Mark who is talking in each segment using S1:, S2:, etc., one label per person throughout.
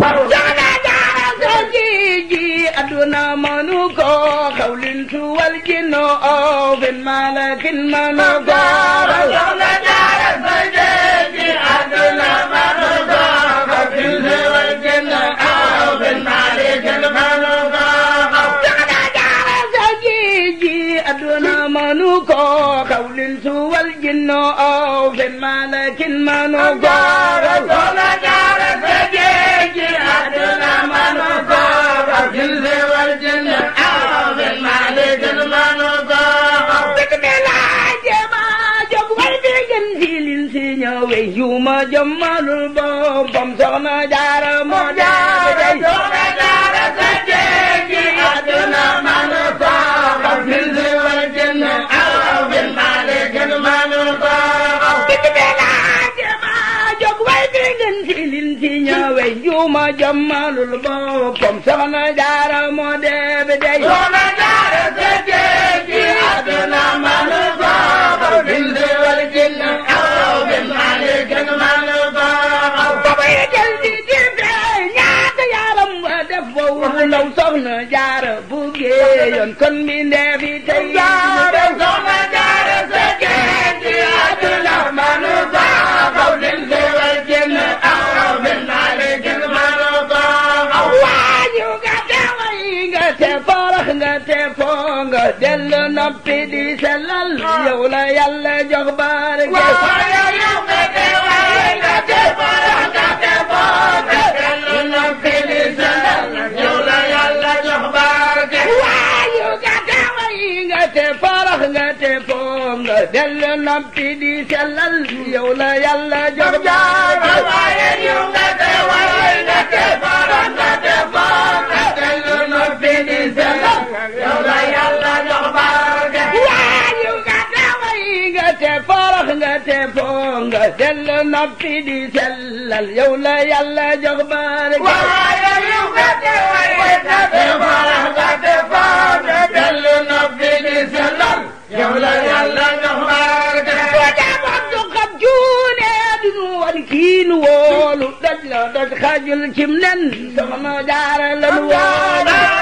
S1: soxna jaara ji aduna mënu ko xawlintu wal jinnu bin malakin mënu ko soxna jaara ji aduna mënu ko xawlintu wal jinnu bin malakin mënu ko soxna jaara ji aduna mënu ko xawlintu wal jinnu bin malakin mënu ko aw ma jommalul boppam soxna jaara moo deebi dey soxna jaara fekkee ci àdduna manu baaxaw bin diwal jinna aw bin malikin manu baaxaw baba yi jël di di fee ñaata yaaram wa def wa wulaw soxna jaara buggee yoon kon tabarak nga te foo ah. nga dellu noppi di sellal yow la yàlla jox barke dellu noppi di sellal yow la yàlla jox barke la jox barke waayu nga daway nga te forox nga te foo nga dellu noppi di sellal yow la yàlla jox barke waayu nga daway nga te forox nga te foo nga dellu noppi di sellal yow la yàlla jox barke foo demoon du xam juune dunu wan kiin woolu doj la doj xajul cim nen soxna jaara la nu woolu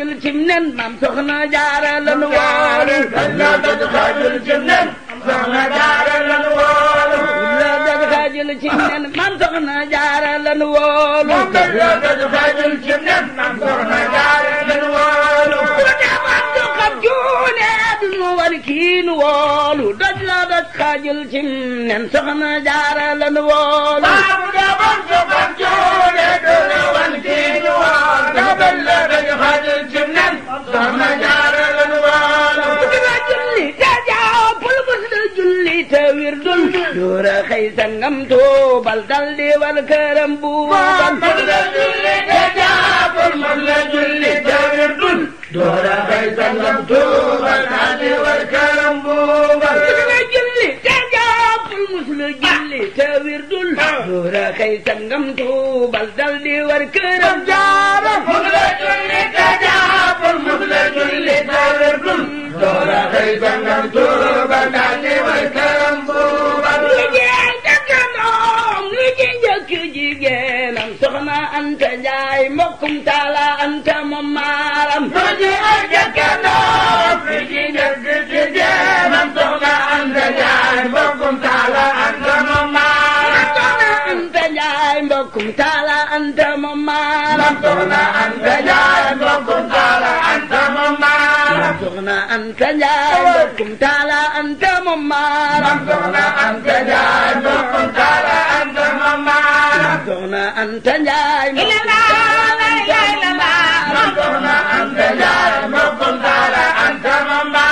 S1: xajul ci nen maam soxna jaara lanu waalo kañ la dog xajul ci nen maam soxna jaara lanu waalo kañ la dog xajul ci nen maam soxna jaara lanu waalo kañ la dog xajul ci nen maam soxna jaara lanu waalo ku ne man du xam juune du nu war kiinu waalo ak xaajul ci nen soxna jaara la nu woolu baabu daban soxan cuune duna wan kii ñu wool daban la dañu xaajul ci nen soxna jaara la nu woolu bu dina julli te jaapul bu dina julli te wirdul doora xëy sangam tuubal dal di war këram buubal bu dina julli te jaapul bu dina julli te wirdul doora xëy sangam tuubal dal di war këram buubal na gilli te wirdul ah. doora xëy sangam tuubal dal di war këram jaara musula julli te jaabul musula julli te wirdul doora xëy sangam tuubal dal di war këram soxna Anta Njaay mbokkum taala Anta moom maaram lu ñu ay jëkkandoo fi ci njëkk ci soxna Anta Njaay ma soxna Anta Njaay mbokkum taala Anta mamba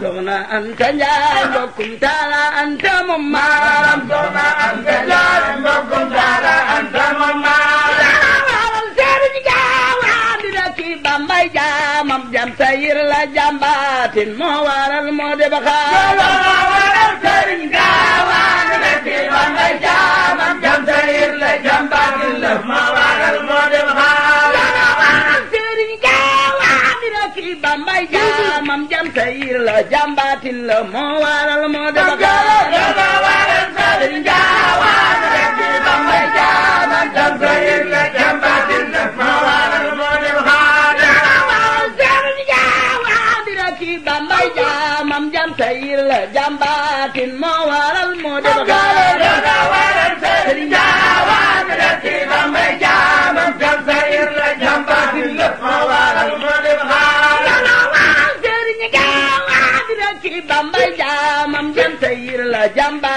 S1: soxna Anta Njaay mbokkum taala Anta mamba soxna Anta Njaay mbokkum taala Anta mamba waral seeru ji gaawaandi daki Bambay jaamam jam sayir la jambaatin moo waral moo de baxaar la jàmbaar gi lëf moo waral moo dem xaar yaa waral sëriñ gaawaa la jàmbaatin la moo waral moo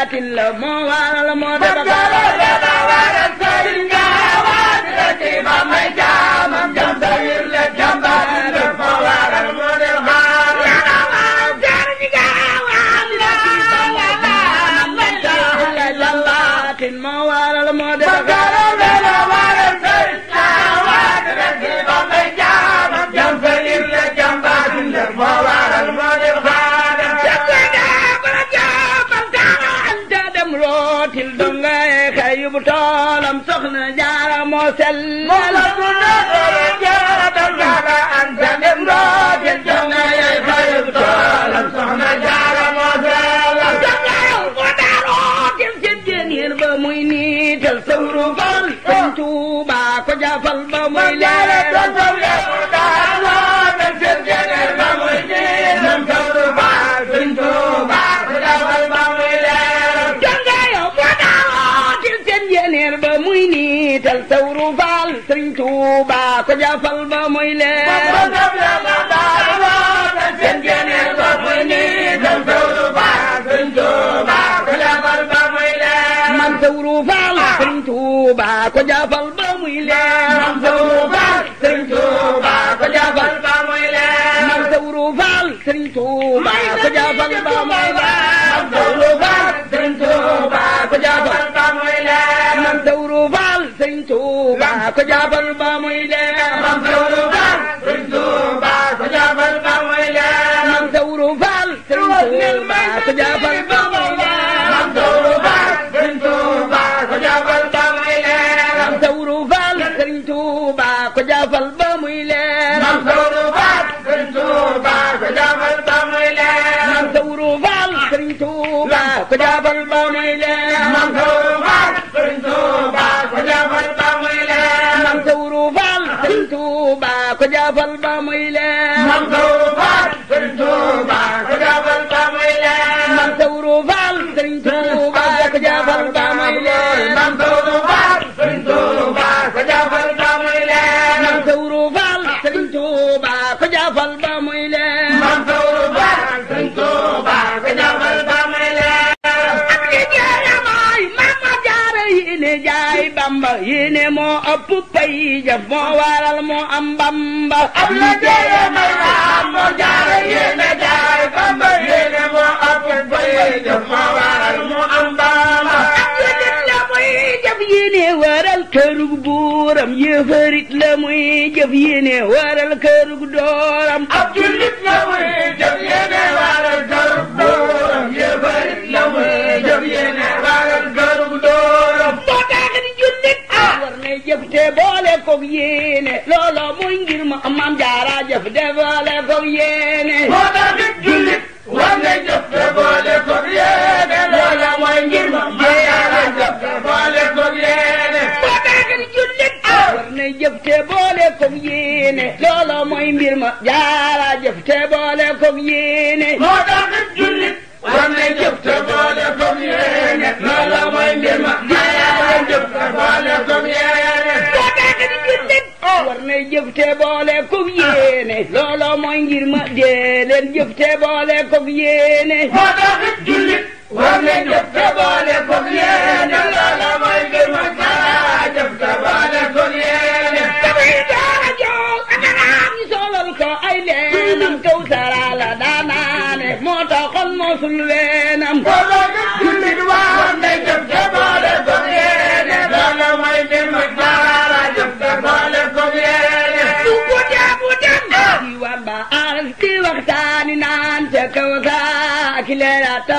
S1: baatin la moo waral moo def وسلم Tuuba ko jafal ba muy leer Tuuba ko jafal ba muy leer man Sawru ah. Faal Sëriñ Tuuba ko jafal ba muy leer man Sawru Faal Sëriñ Tuuba ko jafal Ba ko jaabal ba muy leer. Mam Sawru Faal. Sëriñ Tuuba ko jaabal ba muy leer. Mam Sawru Faal. Sëriñ Tuuba ko jaabal ba muy leer. Mam Sawru Faal. Sëriñ Tuuba ko jaabal ba muy leer. Mam Sawru Faal. Sëriñ Tuuba ko jaabal ba muy leer. Mam Sawru Faal. Sëriñ Tuuba ko jaabal ba muy leer. Mam Sawru Faal. Sëriñ Tuuba ko jaabal ba muy leer. Mam Sawru Faal. Sëriñ Tuuba. Tuubaa ko jaafal ba muy leer bamba yéene moo ëpp pay jëf moo waral moo am bamba am la jëye may la am moo jaara yéene jaara bamba yéene moo ëpp pay jëf moo waral moo am bamba am la jëf la muy jëf yéene waral kërug buuram yëfarit la muy jëf yéene waral kërug dooram ab jullit la muy jëf yéene waral kërug buuram yëfarit la muy jëf yéene te boole koog yéene looloo muy ngir ma maam jaara jëf te boole koog yéene moo tax nit jullit war nga jëf te boole koog yéene looloo mooy ngir ma maam jaara jëf te boole koog yéene moo tax nit jullit war na jëf te boole koog yéene looloo mooy mbir ma jaara jëf te boole koog yéene moo tax nit jullit war na jëf te boole tey jëf te boole koog yéene ma dee leen jëf te boole koog yéene moo tax jullit war na jëf te boole koog yéene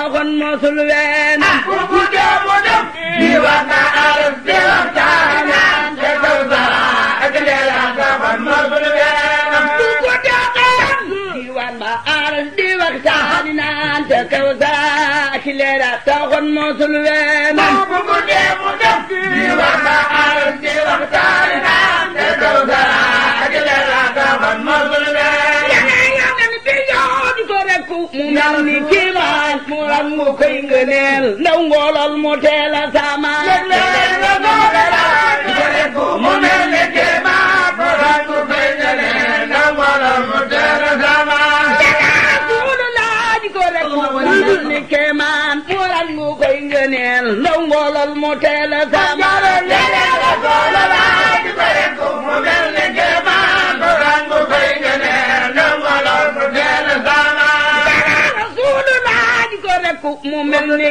S1: waxoon mosul ween ku gudde mu dem di war na arab di war taana te taw sara ak leer ak waxoon mosul ween ku gudde xeen di war na arab di war taana te taw sara ak leer ak waxoon mosul ween ku gudde mu dem di war na arab di war taana te taw sara ak leer ak waxoon mosul ween mu koy ngëneel ndaw ngoolal mu teel a sama mu mel ngëneel ndaw ngoolal mu teel a sama laaj ko ngëneel ndaw ngoolal mu teel a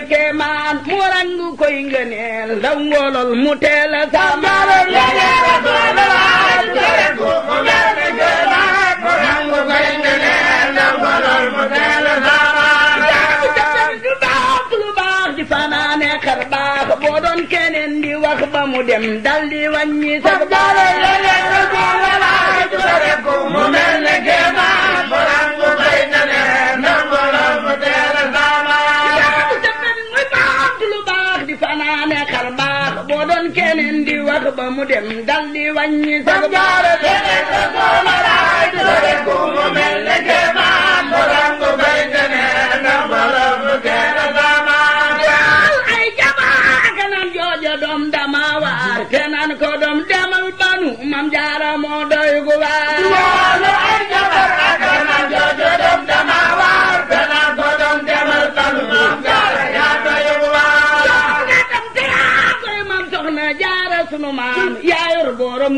S1: kéemaan mu warandu koy ngëneel ndaw ngóolol mu teel a sàmbaaloon ngëneel a doonalaat ngëneel mu mel ne gënaat mu nangu koy ngëneel ndaw ngóolol mu teel a sàmbaaloon jàpp lu baax lu baax di fanaane xar baax boo doon keneen di wax ba mu dem dal di wàññi sax bañ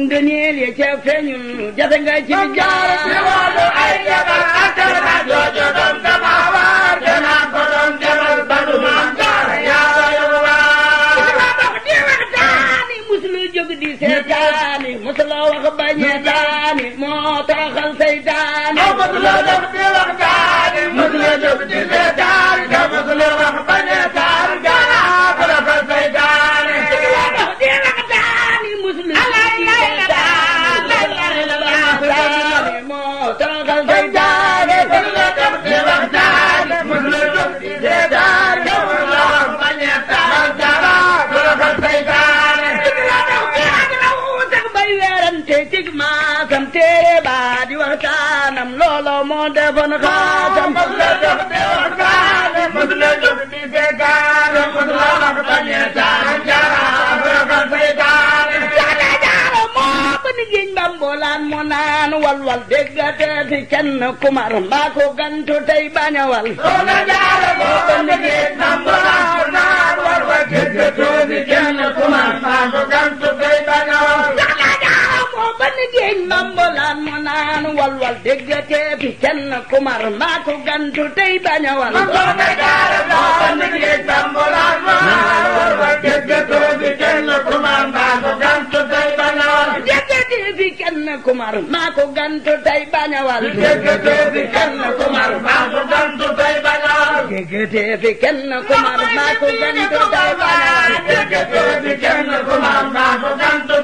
S1: ngëneel ya ca feeñul jafe nga ci jaar ci wàllu ay jabar ak tarba joojo doon sama waar danaa ko doon demal ba du ma jaar yaa doy waar ma dox di waxtaani musulul jóg di seetaani musuloo wax bañetaani moo toroxal seytaani musuloo dox di waxtaani musuloo jóg di seetaani walwal déggate fi ko gantu tey bañawal moo ko liggéey nambo naa walwal déggate fi kenn ko gantu tey jéeg mambolaan mu naan walwal déggatee fi kenn kumar maa ko gantu tey bañ a wal. soxna Jaara moo sant jéeg mambolaan mu naan walwal déggatee fi kenn kumar maa ko gantu tey bañ a wal. déggatee fi kenn kumar maa ko gantu tey bañ a wal. déggatee fi kenn kumar maa ko gantu tey bañ a wal. déggatee fi kenn kumar maa ko gantu tey bañ a wal. déggatee fi kenn kumar maa ko gantu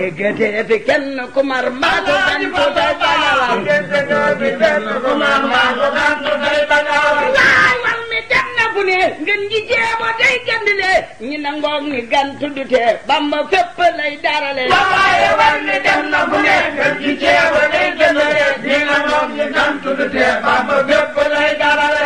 S1: déggate fi kenn ku mar mbaa ko bantu day bañalal déggate fi kenn ku mar mbaa ko bantu day bañalal waay wal mi dem na fu ne ngeen ji jéema day gandile ñi nangoog ni gan tuddute bamba fépp lay darale waay wal mi dem na fu ne ngeen ji jéema day gandile ñi nangoog ni gan tuddute bamba fépp lay darale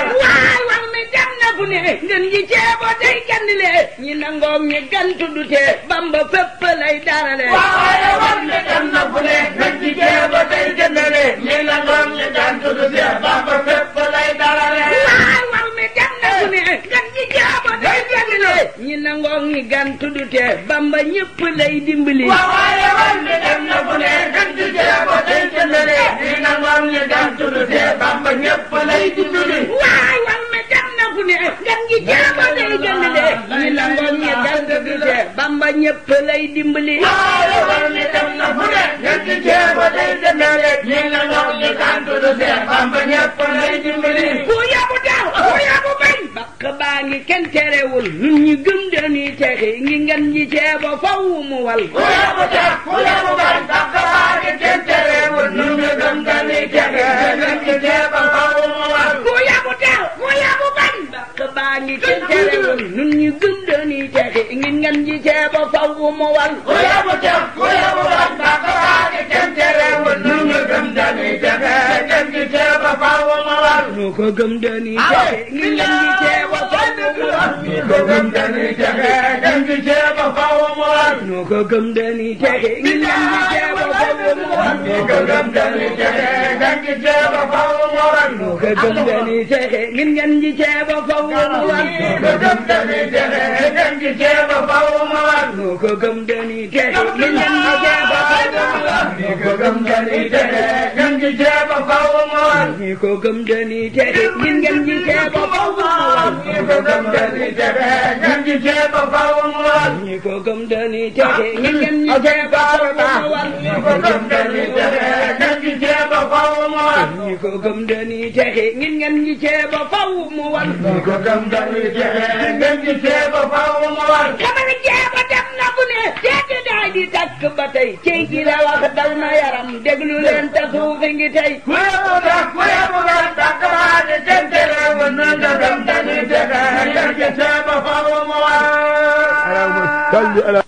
S1: ku ne ngeen ji ceebo tey kenn lee ñi nangoo ñi gantu du tee bamba fépp lay darale waaye war ne kenn na ku ne ngeen ji ceebo tey kenn lee ñi nangoo ñi gantu du te bamba ñëpp lay dimbali. waaye war na ne gan gi jaama day gënd de ñi nangoo ñi gan gi de lay dimbali wala war ni dem na fu ne gan ñi nangoo ñi sant du de bamba ñëpp lay dimbali ku yabu bañ bakk baa ngi kenn terewul ñun ñi gëm dañuy texi ngi ngan ñi ceeba faw mu wal yaa ngi kenn terewul nun ñu gëm dañuy texe ngir ngeen ji ceeba faw mu wal ku yebu tef ku yebu wal mbàkk yaa ngi kenn terewul nun ñu gëm dañuy texe ngeen ji ceeba faw mu wal ñu ko gëm dañuy texe ngir ngeen ji ceeba faw mu wal ñu ko gëm dañuy texe ngeen ji ceeba faw mu wal ñu ko gëm dañuy texe ngir ngeen ji ceeba gëm texe ngir ngeen ji ceeba faw mu war. nu ko gëm deni texe ngir ngeen ji ceeba faw mu war. nu ko gëm deni texe ngir ngeen ji ceeba faw mu war. nu ko gëm deni texe ngir ngeen ji ceeba faw mu war. nu ko gëm deni texe ngir ngeen ji ceeba faw mu war. nu ko gëm deni texe ngir ngeen ji ceeba faw mu war. ñi ko texe ngeen ngeen texe ngeen ngi cee faw mu war. xamal cee ba dem na bu ne. teete daay di takk ba tey. cey gi la wax dal na yaram déglu leen a suufi ngi tey. ku yebu la ku yebu la takk baa di tente la woon na nga gëm dañuy mu war.